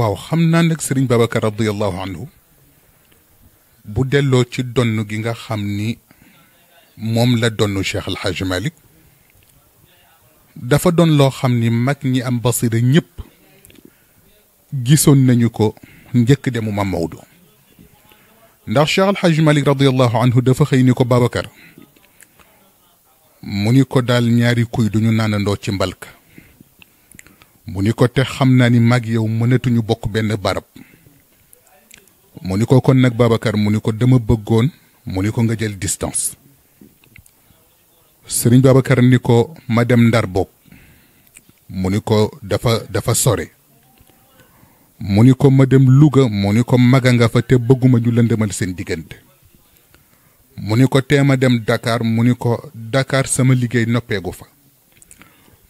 waaw xam naa nag sëriñ Babacar radiallahu anhu bu delloo ci donn gi nga xam ni moom la donnu Cheikh El Hadj dafa doon loo xam ni mag ñi am basira ñépp gisoon nañu ko njëkk demu Mam Maodo ndax Cheikh El Hadj Malick anhu dafa xëy ni ko Babacar mu ni ko daal ñaari kuy duñu naanandoo ci mbalka mu ni ko te xam naa ni mag yow mënatuñu bokk benn barab mu ni ko kon nag Babacar mu ni ko dama bëggoon mu ni ko nga jël distance sëriñ Babacar ni ko ma dem ndar bokk mu ni ko dafa dafa sore mu ni ko ma dem Louga mu ni ko maga nga fa te bëgguma ñu lëndëmal seen diggante mu ni ko teem a dem dakaar mu ni ko dakaar sama liggéey noppeegu fa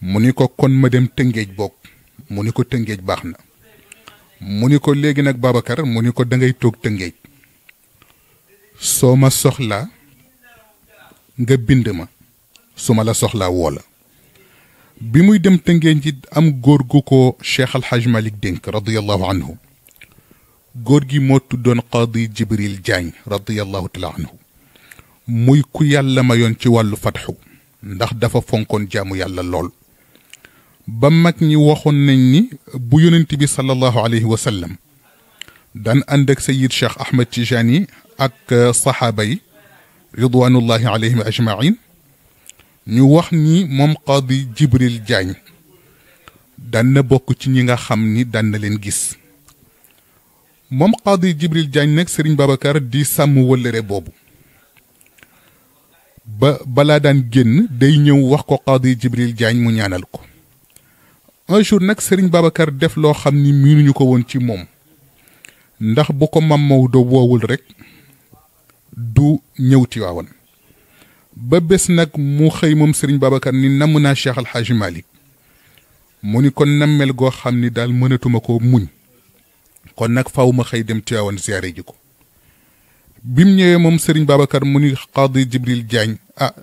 mu ni ko kon ma dem tëngéej boog mu ni ko tëngéej baax na mu ni ko léegi nag Babacar mu ni ko dangay toog tëngeej soo ma soxlaa nga bind ma su ma la soxlaa woo la bi muy dem tëngeej ji am góor gu ko Cheikh Al Hadj dénk radiyallahu anhu góor gi moo tuddoon qaadi Jibril Diagne radiyallahu taala muy ku yàlla mayoon ci wàllu fatxu ndax dafa fonkoon jaamu yàlla lool ba mag ñi waxoon nañ ni bu yonent bi sallallahu alayhi wa sallam daan ànd ak sayid cheikh Ahmed Tijani ak uh, saxaaba yi ridwanullahi alayhim ñu wax ni moom qaadi Jibril jaañ daan na bokk ci ñi nga xam ni daan na leen gis moom qaadi Jibril Diagne nag Serigne Babacar di sàmm wëllëre boobu ba balaa daan génn day ñëw wax ko qaadi Jibril Diagne mu ñaanal ko un jour nag sëriñ Babacar def loo xam ni miinuñu ko woon ci moom ndax bu ko mam Maodo woowul rek du ñëw Tiwaawan ba bés nag mu xëy moom sëriñ Babacar ni namm naa Cheikh Al Hadj mu ni kon nammel goo xam ni daal mënatuma ko muñ kon nag faw xëy dem Tiwaawan ziare ji ko bi mu ñëwee moom Serigne Babacar mu ni Qadi Jibril Diagne ah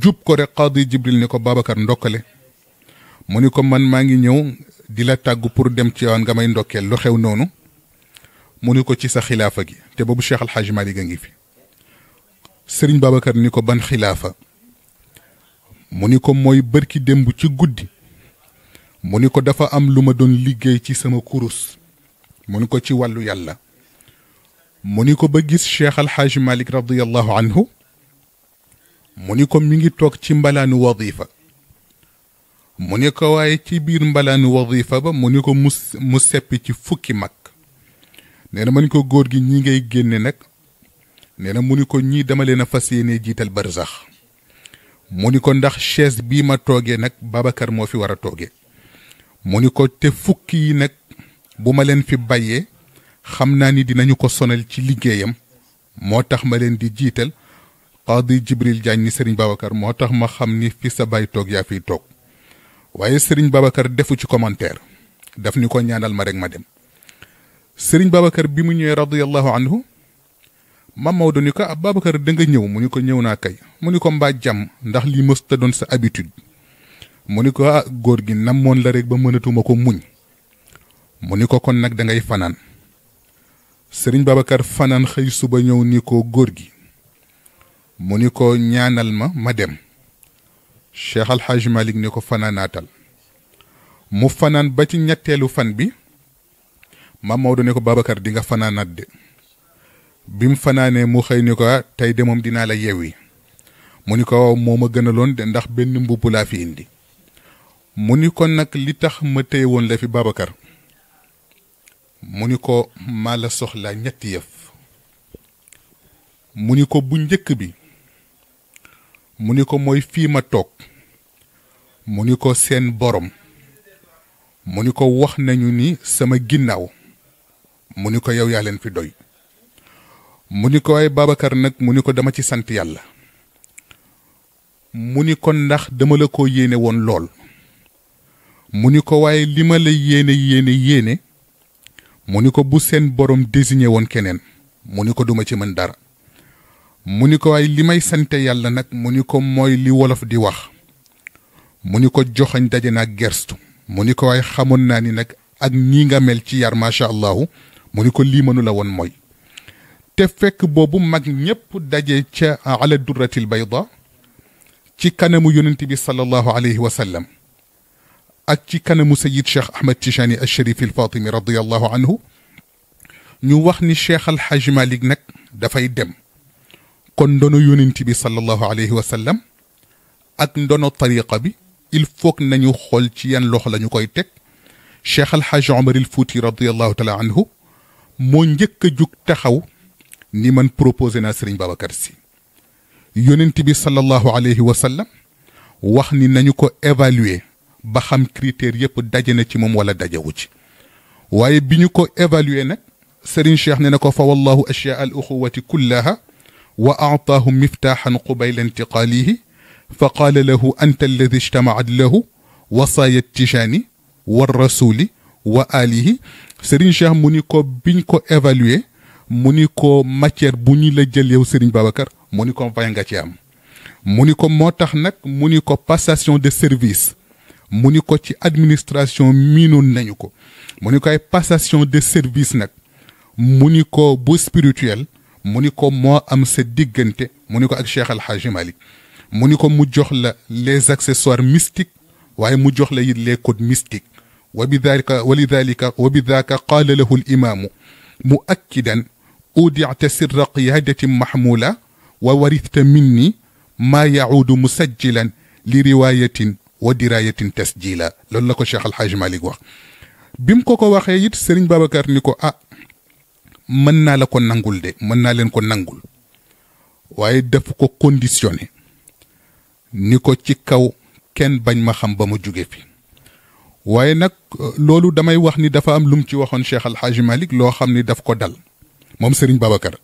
jub ko rek Qadi Jibril ne ko Babacar ndokkale mu ni ko man maa ngi ñëw di la tàggu pour dem ci yoon nga may ndokkeel lu xew noonu mu ni ko ci sa xilaafa gi te boobu Cheikh Al Hadj a ngi fi Serigne Babacar ni ko ban xilaafa mu ni ko mooy bërki démb ci guddi mu ni ko dafa am lu ma doon liggéey ci sama kurus mu ni ko ci wàllu yàlla mu ni ko ba gis Cheikh Al Hadj Malick radiyallahu anhu mu ni ko mi ngi toog ci mbalaanu wadifa mu ni ko waaye ci biir mbalaanu wadifa ba mu ni ko mu mu seppi ci fukki mag nee na ma ni ko góor gi ñi ngay génne nag nee na mu ni ko ñii dama leen a fas yéene jiital sax mu ni ko ndax chaise bii ma toogee nag Babacar moo fi war a toogee mu ni ko te fukki yi nag bu ma leen fi bàyyee xam naa ni dinañu ko sonal ci liggéeyam moo tax ma leen di jiital qaadi Jibril Jaañ ni Sëriñ Babacar moo tax ma xam ni fi sa baay toog yaa fiy toog waaye Serigne Babacar defu ci commentaire daf ni ko ñaanal ma rek ma dem Serigne Babacar bi mu ñëwee radiyallahu anhu Mame Maodo ni ko ab ah, Babacar danga ñëw mu ni ko ñëw naa kay mu ni ko mbaa jàmm ndax lii mës ta doon sa habitude mu ni ko ah góor gi namoon la rek ba mënatuma ko muñ mu ni ko kon nag dangay ngay fanaan Serigne Babacar fanaan xëy suba ñëw ni ko góor gi mu ni ko ñaanal ma ma dem. cheikh alxaaji malik ni ko fanaanaatal mu fanaan ba ci ñetteelu fan bi maam Maodo ne ko Babacar di nga fanaanaat de bi fanaanee mu xëy ni ko ah, tey de moom dinaa la yewwi mu ni ko moo ma gënaloon de ndax benn mbubb laa fi indi mu ni ko nag li tax ma téye woon la fi Babacar mu ni ko maa la soxlaa ñetti yëf mu ni ko bu njëkk bi mu ni ko mooy fii ma toog mu ni ko seen borom mu ni ko wax nañu ni sama ginnaaw mu ni ko yow yaa leen fi doy mu ni ko ay Babacar nag mu ni ko dama ci sant yàlla mu ni ko ndax dama la ko yéene woon lool mu ni ko waaye li ma la yéene yéene yéene mu ni ko bu seen borom désigné woon keneen mu ni ko duma ci mën dara muniko ay limay sante yàlla nak muniko moy li wolof di wax muniko joxagn ko daje naag gerstu muniko ay xamon nani nak ak ni nga mel ci yar ma sha allah muniko li manu la won moy te fek bobu mag ñépp daje ci ala durratil bayda ci kanamu yonent bi sallallahu alayhi wa sallam ak ci kanamu sayyid cheikh ahmed tishani ash-sharif al-fatimi radiyallahu anhu ñu wax ni cheikh al alxaj malik nak da fay dem kon ndono yonent bi sallallahu alayhi wa sallam ak ndono tariqa bi il faut que nañu xol ci yan lox lañu koy tek cheikh al alxaaj omar al futi radiyallahu taala anhu mo ñeek juk taxaw ni man proposer na serigne babakar si yonent bi sallallahu alayhi wa sallam wax ni nañu ko évaluer ba xam critère yépp daje na ci mom wala dajewu ci waye biñu ko évaluer nak serigne cheikh ne nako fa wallahu ashya al ukhuwati kullaha وأعطاهم مفتاحا قبيل انتقاله فقال له أنت الذي اجتمعت له وصايا التشاني والرسول وآله سرين شاه مونيكو بينكو ايفالوي مونيكو ماتير بوني لجل جيل يو سرين بابكر مونيكو فاينغا تي مونيكو موتاخناك مونيكو باساسيون دي سيرفيس مونيكو تي ادمنستراسيون مينو نانيوكو مونيكو اي باساسيون دي سيرفيس ناك مونيكو بو سبيريتوييل mu ni ko moo am sa diggante mu ni ko ak Cheikh Alxaaji Malik mu ni ko mu jox la les accessoires mystiques waaye mu jox la it les codes mystiques wa bidalika wa lidalika wa bidaka qaala lahu alimaamu muakkidan أودعت سر قيادة محمولة وورثت مني ما يعود مسجلا لرواية ودراية تسجيلا لولا كو شيخ الحاج مالك واخ بيم كوكو واخي يت سيرن بابكر نيكو اه mën naa la ko nangul de mën naa leen ko nangul waaye daf ko conditionné ni ko ci kaw kenn bañ ma xam ba mu jóge fi waaye nag euh, loolu damay wax ni dafa am lu mu ci waxoon Cheikh Al Hadj loo xam ni daf ko dal moom Serigne Babacar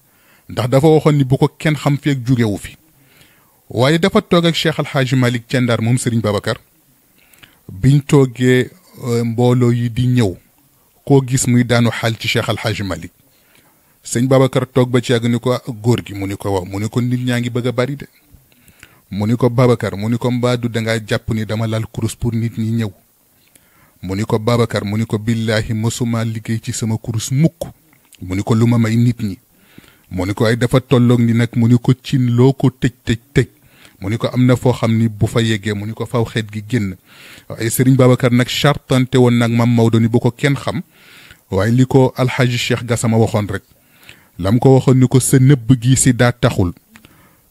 ndax dafa waxoon ni bu ko kenn xam feeg jógewu fi waaye dafa toog ak Cheikh Al Hadj Malick ca Ndar moom Serigne Babacar biñ toogee euh, mbooloo yi di ñëw koo gis muy daanu xaal ci Cheikh Al Hadj sëñ Babacar tok ba ci yàgg ni ko góor gi mu ni ko waaw mu ko nit ñangi ngi bëgg bari de mu ko Babacar mu ni ko mbaa du dangaa jàpp ni dama lal kurus pour nit ñi ñëw mu ko Babacar mu ni ko billaahi mësuma liggéey ci sama kurus mukk mu ni ko lu may nit ñi mu ko ay dafa tollok ni nak mu ko cin loko tëj tëj tëj mu ni ko am na foo bu fa yegge mu ko faw xet gi génn ay serigne Babacar nak chartante won nak mam mawdoni bu ko ken xam waye liko alhaji Cheikh Gassama waxon rek lam ko waxoon ni ko sa nëbb gi si daa taxul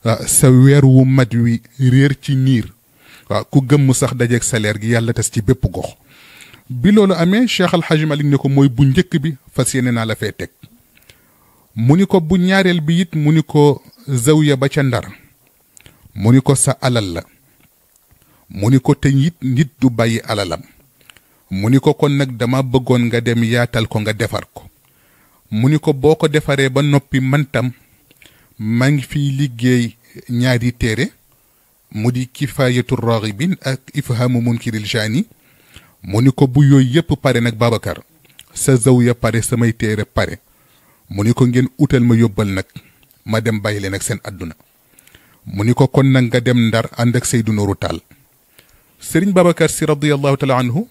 ah, sa weer wu mat wi réer ci niir waaw ah, ku gëmm sax dajeeg salaire gi yàlla tas ci bépp gox bi loolu amee Cheikh Al Hadj ne ko mooy bu njëkk bi fas yéene naa la fee teg mu ni ko bu ñaareel bi it mu ni ko zawiya ba ca ndar mu ni ko sa alal la mu ni ko te it nit du bàyyi alalam mu ni ko kon nag dama bëggoon nga dem yaatal ko nga defar ko mu ni ko boo ko defaree ba noppi man tam maa ngi fiy liggéey ñaari téere mu di kifaayatu raghibin ak ifhaamu munkiril jaani mu ni ko bu yooyu yëpp pare nag Babacar sa zawiya pare samay téere pare mu ni ko ngeen utal ma yóbbal nag ma dem bàyyi leen ak seen àdduna mu ni ko kon nag nga dem ndar ànd ak Seydou Nourou Tall sëriñ Babacar si radiyallahu taala anhu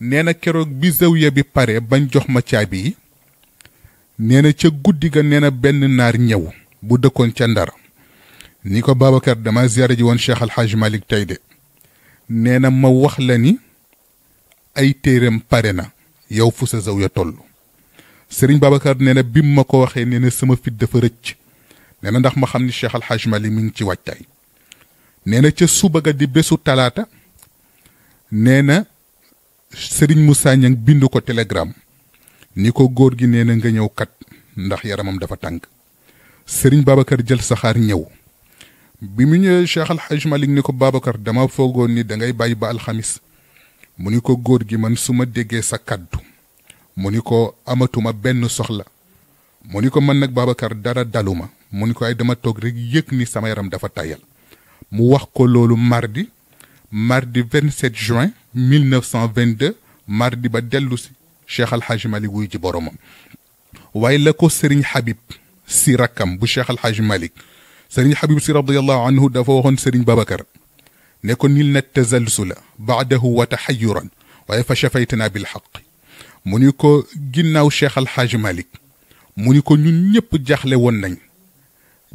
nee na keroog bi zawiya bi pare bañ jox ma caabi yi nee na ca guddi ga nee na benn naar ñëw bu dëkkoon ca ndar ni ko Babacar dama ziyaare ji woon Cheikh Al Hadj tey de nee na ma wax la ni ay téeram pare na yow fu sa zaw ya toll Serigne Babacar nee na bi mu ma ko waxee nee na sama fit dafa rëcc nee ndax ma xam ni Cheikh Al Hadj Malick mi ngi ci waajtaay nee na ca suba ga di bésu talaata nee na Serigne Moussa Niang bind ko télégramme ni ko góor gi nee na nga ñëw kat ndax yaramam dafa tàng sëriñ Babacar jël saxaar ñëw bi mu ñëwee Cheikh Al Hadj ni ko Babacar dama foogoon ni dangay ngay bàyyi ba alxamis mu ni ko góor gi man su ma déggee sa kàddu mu ni ko amatuma benn soxla mu ni ko mën nag Babacar dara daluma mu ni ko ay dama toog rek yëg ni sama yaram dafa tayal mu wax ko loolu mardi mardi 27 juin 1922 mardi ba dellu si cheikh alxaaji malik wuy ji boromam waaye la ko sëriñ xabib si rakkam bu cheikh alxaaji malik sëriñ xabib si radiallahu waxoon sëriñ babacar ne ko nil na tasalsula baadahu wa taxayuran waaye fa chafaytana bilxaq mu ni ko ginnaaw cheikh alxaaji malik mu ni ko ñun ñëpp jaaxle woon nañ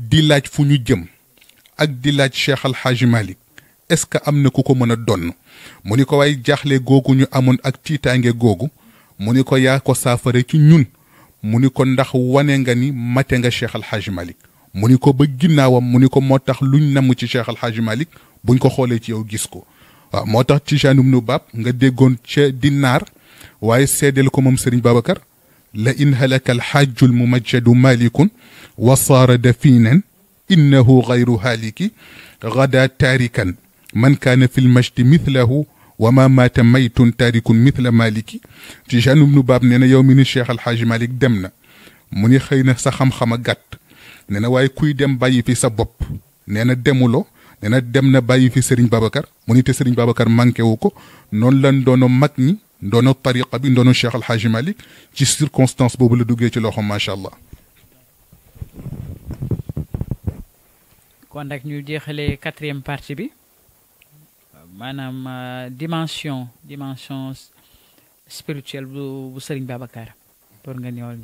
di laaj fu ñu jëm ak di laaj cheikh alxaaji malik est-ce que am na ku ko mën a donn mu ni ko waaye jaaxle googu ñu amoon ak tiitaange googu mu ni ko yaa ko saafara ci ñun mu ko ndax wane nga ni mate nga cheikh alxaaj malik mu ko ba ginnawam mu ko tax luñ nam ci cheikh alxaaj malik buñ ko xolé ci yow gis ko waaw tax ci janum nu bab nga déggon ci dinar waye sédel ko mom serigne babakar la in halaka alxaaju almumajjadu malik wa sar dafinan innahu ghayru haliki gada taarikan man kaana fi lmajdi mithlahu وما مات ميت تارك مثل مالكي تجان ابن باب نينا يومين الشيخ الحاج مالك دمنا مني خينا سخم خما غات نينا واي كوي دم باي في سبب نينا دمولو نينا دمنا باي في سرين بابكر مني تي سرين بابكر مانكي ووكو نون لان دونو مكني دونو طريقه بي دونو الشيخ الحاج مالك تي سيركونستانس بوبو لا دوغي تي لوخو ما شاء الله كون داك نيو جيخلي 4 بارتي بي maanaam euh, dimension dimension spirituelle bu bu Serigne Babacar pour nga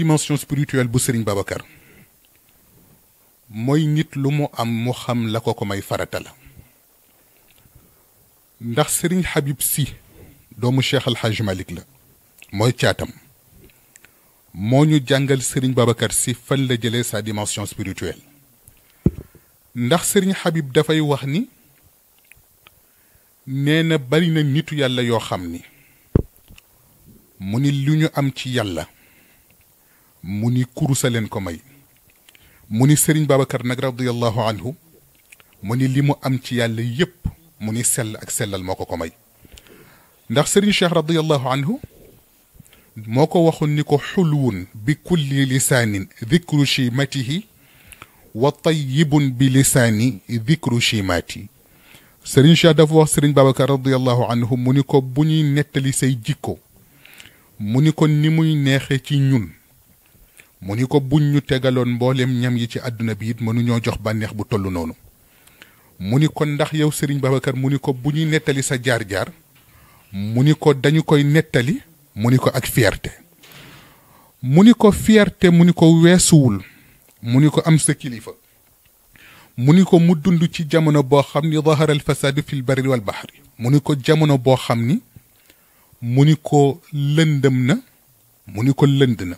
dimension spirituelle bu Serigne Babacar moy nit lu mu am mu xam la ko may farata ndax Serigne Habib si doomu Cheikh Al Hadj la moy tiatam moo ñu Serigne Babacar si fan sa dimension spirituelle. ndax sëriñ Habib dafay wax ni nee na bari na nitu yàlla yoo xam ni mu ni lu ñu am ci yàlla mu ni kurusa leen ko may mu ni sëriñ Babacar nag radiyallahu anhu mu ni li mu am ci yàlla yépp mu ni sell ak sellal moo ko ko may ndax sëriñ Cheikh radiyallahu moo ko waxoon ni ko xulwun bi kulli lisaanin dhikru shimatihi wa tayyibun bi lisaani dikru chimaati sëriñ Cheikh dafa wax sëriñ Babacar radiallahu anhu mu ni ko bu ñuy nettali say jikko mu ni ko ni muy neexe ci ñun mu ni ko bu ñu tegaloon mbooleem ñam yi ci àdduna bi it mënuñoo jox bànneex bu toll noonu mu ni ko ndax yow sëriñ Babacar mu ni ko bu ñuy nettali sa jaar-jaar mu ni ko dañu koy nettali mu ni ko ak fierté mu ni ko fierté mu ni ko weesuwul mu ni ko am sa kilifa mu ko mu dund ci jamono boo xam ni zahara alfasaadu fi lbarri walbahri mu ni ko jamono boo xam ni mu ni ko lëndëm na mu ko lënd na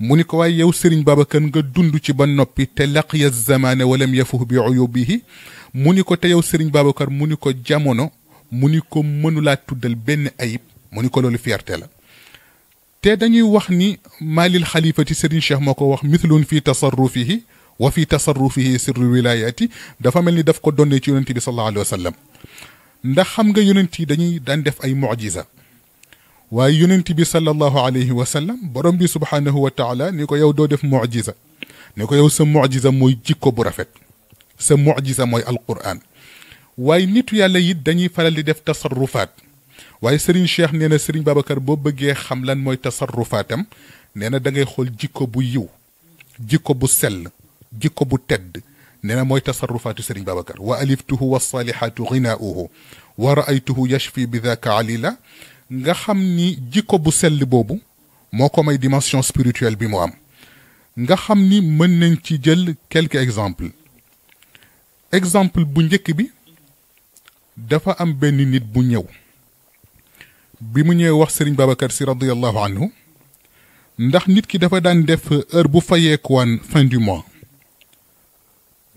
mu ko waaye yow sëriñ babakan nga dund ci ba noppi te laqiya zamaane walam yafuh bi uyubihi mu ko te yow sëriñ babacar mu ko jamono mu ni ko mënulaa tuddal benn ayib mu ko loolu fierté la te dañuy wax ni maalil xalifati Serigne Cheikh moo ko wax mithlun fi tasarrufihi wa fi tasarrufihi sirru wilayati dafa mel daf ko donnee ci yonent bi sallallahu alayhi wa sallam ndax xam nga yonent dañuy daan def ay mucjisa waaye yonent bi sallallahu alayhi wasallam sallam borom bi subhanahu wa taala ni ko yow doo def mucjisa ne ko yow sa mucjisa mooy jikko bu rafet sa mucjisa mooy alquran waaye nitu yàlla it dañuy faral di def tasarrufaat waye Serigne Cheikh neena Serigne Babacar bo beugé xam lan moy tasarrufatam neena da ngay xol jikko bu yiw jikko bu sel jikko bu tedd neena moy tasarrufatu Serigne Babacar wa aliftuhu was salihatu ghinauhu wa raaytuhu yashfi bi daka alila nga xam ni jikko bu sel bobu moko may dimension spirituelle bi mo am nga xam ni meun nañ ci jël quelques exemples exemple bu njëkk bi dafa am benn nit bu ñëw bi mu ñëwee wax sëriñ Babacar si radiyallahu anhu ndax nit ki dafa daan def heure bu fayeekuwaan fin du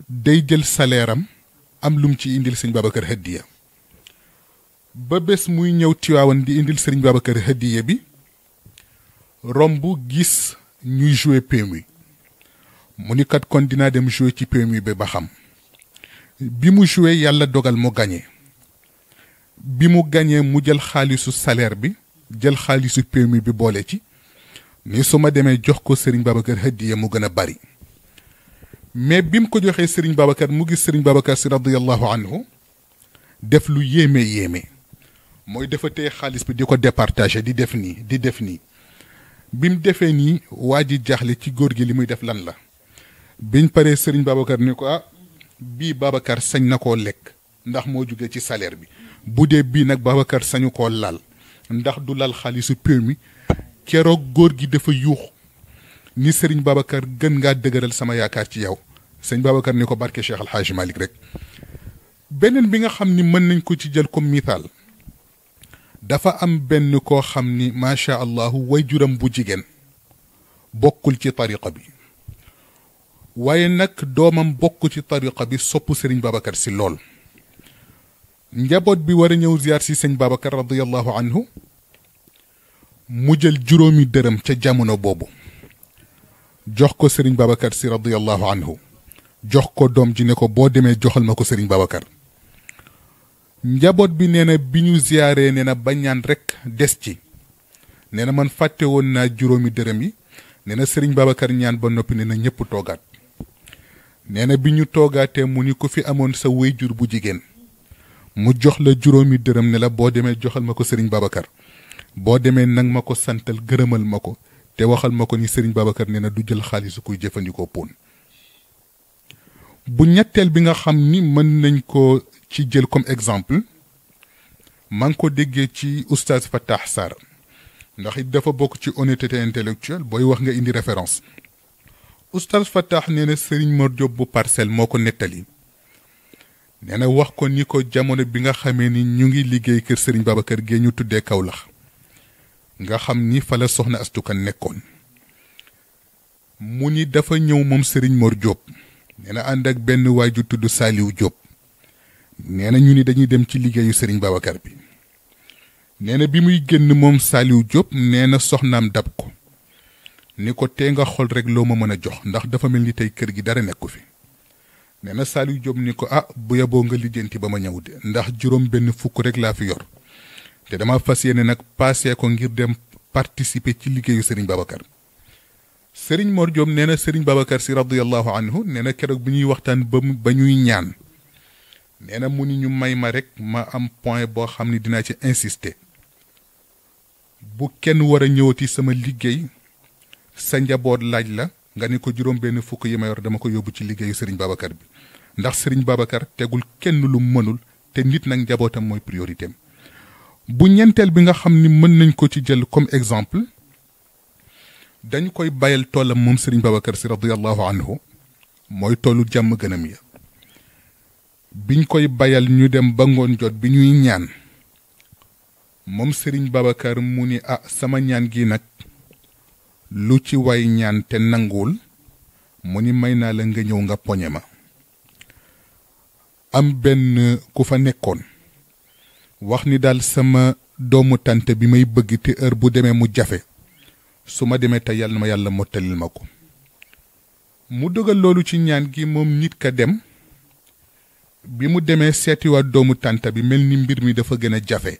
day jël saleeram am am lum ci indil sëriñ Babacar hëddiya ba bés muy ñëw Tiwaawan di indil sëriñ Babacar hëddiya bi romb gis ñuy jouer PMU mu ni kat kon dinaa dem jouer ci PMU bi ba xam bi mu jouer yàlla dogal mu gañe bi mu gañee mu jël xaalisu salaire bi jël xaalisu permis bi boole ci ni su ma demee jox ko sëriñ Serigne Babacar hëddiya mu gën a bari mais bi mu ko joxee Serigne Babacar mu gis Serigne Babacar si radiyallahu anhu def lu yéeme yéeme mooy dafa téye xaalis bi di ko départager di def nii di def nii bi mu defee nii waa ji jaxli ci góor gi li muy def lan la biñ paree Serigne Babacar ni ko ah bii Babacar sañ na koo lekk ndax moo jóge ci salaire bi bu dee bii nag Babacar sañu koo lal ndax du lal xaalisu péew mi keroog góor gi dafa yuux ni sëriñ Babacar gën ngaa dëgëral sama yaakaar ci yow sëñ Babacar ni ko barke Cheikh Al Hadj Malick rek beneen bi nga xam ni mën nañ ko ci jël comme misaal dafa am benn koo xam ni macha allah waajuram bu jigéen bokkul ci tariqa bi waaye nag doomam bokk ci tariqa bi sopp sëriñ Babacar si lool. njaboot bi war a ñëw ziar si sëñ Babacar radiyallahu anhu mu jël juróomi dërëm ca jamono boobu jox ko sëriñ Babacar si radiyallahu anhu jox ko doom ji ne ko boo demee joxal ma ko sëriñ Babacar njaboot bi nee na bi ñu ziaree nee na bañ ñaan rek des ci nee na man fàtte woon naa juróomi dërëm yi nee na sëriñ Babacar ñaan ba noppi nee na ñëpp toggaat nee na bi ñu toogaatee mu ni ku fi amoon sa wéyjur bu jigéen mu jox la juróomi dërëm ne la boo demee joxal ma ko sëriñ Babacar boo demee nag ma ko santal gërëmal ma ko te waxal ma ko ni sëriñ Babacar nee na du jël xaalisu kuy jëfandikoo poon bu ñetteel bi nga xam ni mën nañ ko ci jël comme exemple maa ngi ko déggee ci oustaz Fatah Sarr ndax it dafa bokk ci honnêteté intellectuelle booy wax nga indi référence oustaz Fatah nee na sëriñ Mor Diop bu parcelle moo ko nettali. neena wax ko ni ko jamono bi nga xamee ni ñu ngi liggéey kër Serigne Babacar gee ñu tuddee kaw lax nga xam ni fa la soxna astuka nekkoon mu ni dafa ñëw moom sëriñ Mor jóob nee ànd ak benn waay ju tudd Saliou jóob nee na ñu ni dañuy dem ci liggéeyu sëriñ Babacar bi nee na bi muy génn moom Saliou Diop nee na soxnaam dab ko ni ko tee nga xool rek loo ma mën a jox ndax dafa mel ni tey kër gi dara nekku fi nee na Saliou Diop ni ko ah bu yeboo nga lijjanti ba ma ñëw de ndax juróom benn fukk rek laa fi yor te dama fas ne nag paasee ko ngir dem participer ci liggéeyu Serigne Babacar Serigne Mor Diop nee na Serigne Babacar si radiyallahu anhu nee na keroog bu ñuy waxtaan ba ba ñuy ñaan nee na mu ni ñu may ma rek ma am point boo xam ne dinaa ci insister bu kenn war a ñëwati sama liggéey sa njaboot laaj la. nga ne ko juróom benn fukk yi ma yor dama ko yóbbu ci liggéeyu Serigne Babacar bi ndax Serigne Babacar tegul kenn lu mënul te nit nag njabootam mooy priorité bu ñeenteel bi nga xam ni mën nañ ko ci jël comme exemple dañ koy bayal toolam moom Serigne Babacar si radiyallahu anhu mooy toolu jàmm gënam yi biñ koy bayal ñu dem ba ngoon jot bi ñuy ñaan moom sëriñ Babacar mu ni ah sama ñaan gi nag lu ci way ñaan te nanguwul mu ni may naa la nga ñëw nga poñe ma am benn ku fa nekkoon wax ni daal sama doomu tànt bi may bëgg te heure bu demee mu jafe su ma demee te yàlla ma yàlla mottalil ma ko mu dogal loolu ci ñaan gi moom nit ka dem bi mu demee seetiwaat doomu tante bi mel ni mbir mi dafa gën a jafe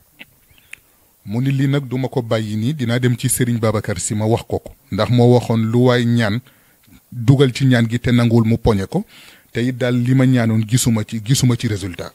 mu ni lii nag duma ko bàyyi nii dinaa dem ci Serigne Babacar si ma wax ko ko ndax moo waxoon lu waay ñaan dugal ci ñaan gi te nanguwul mu poñe ko te it daal li ma ñaanoon gisuma ci gisuma ci résultat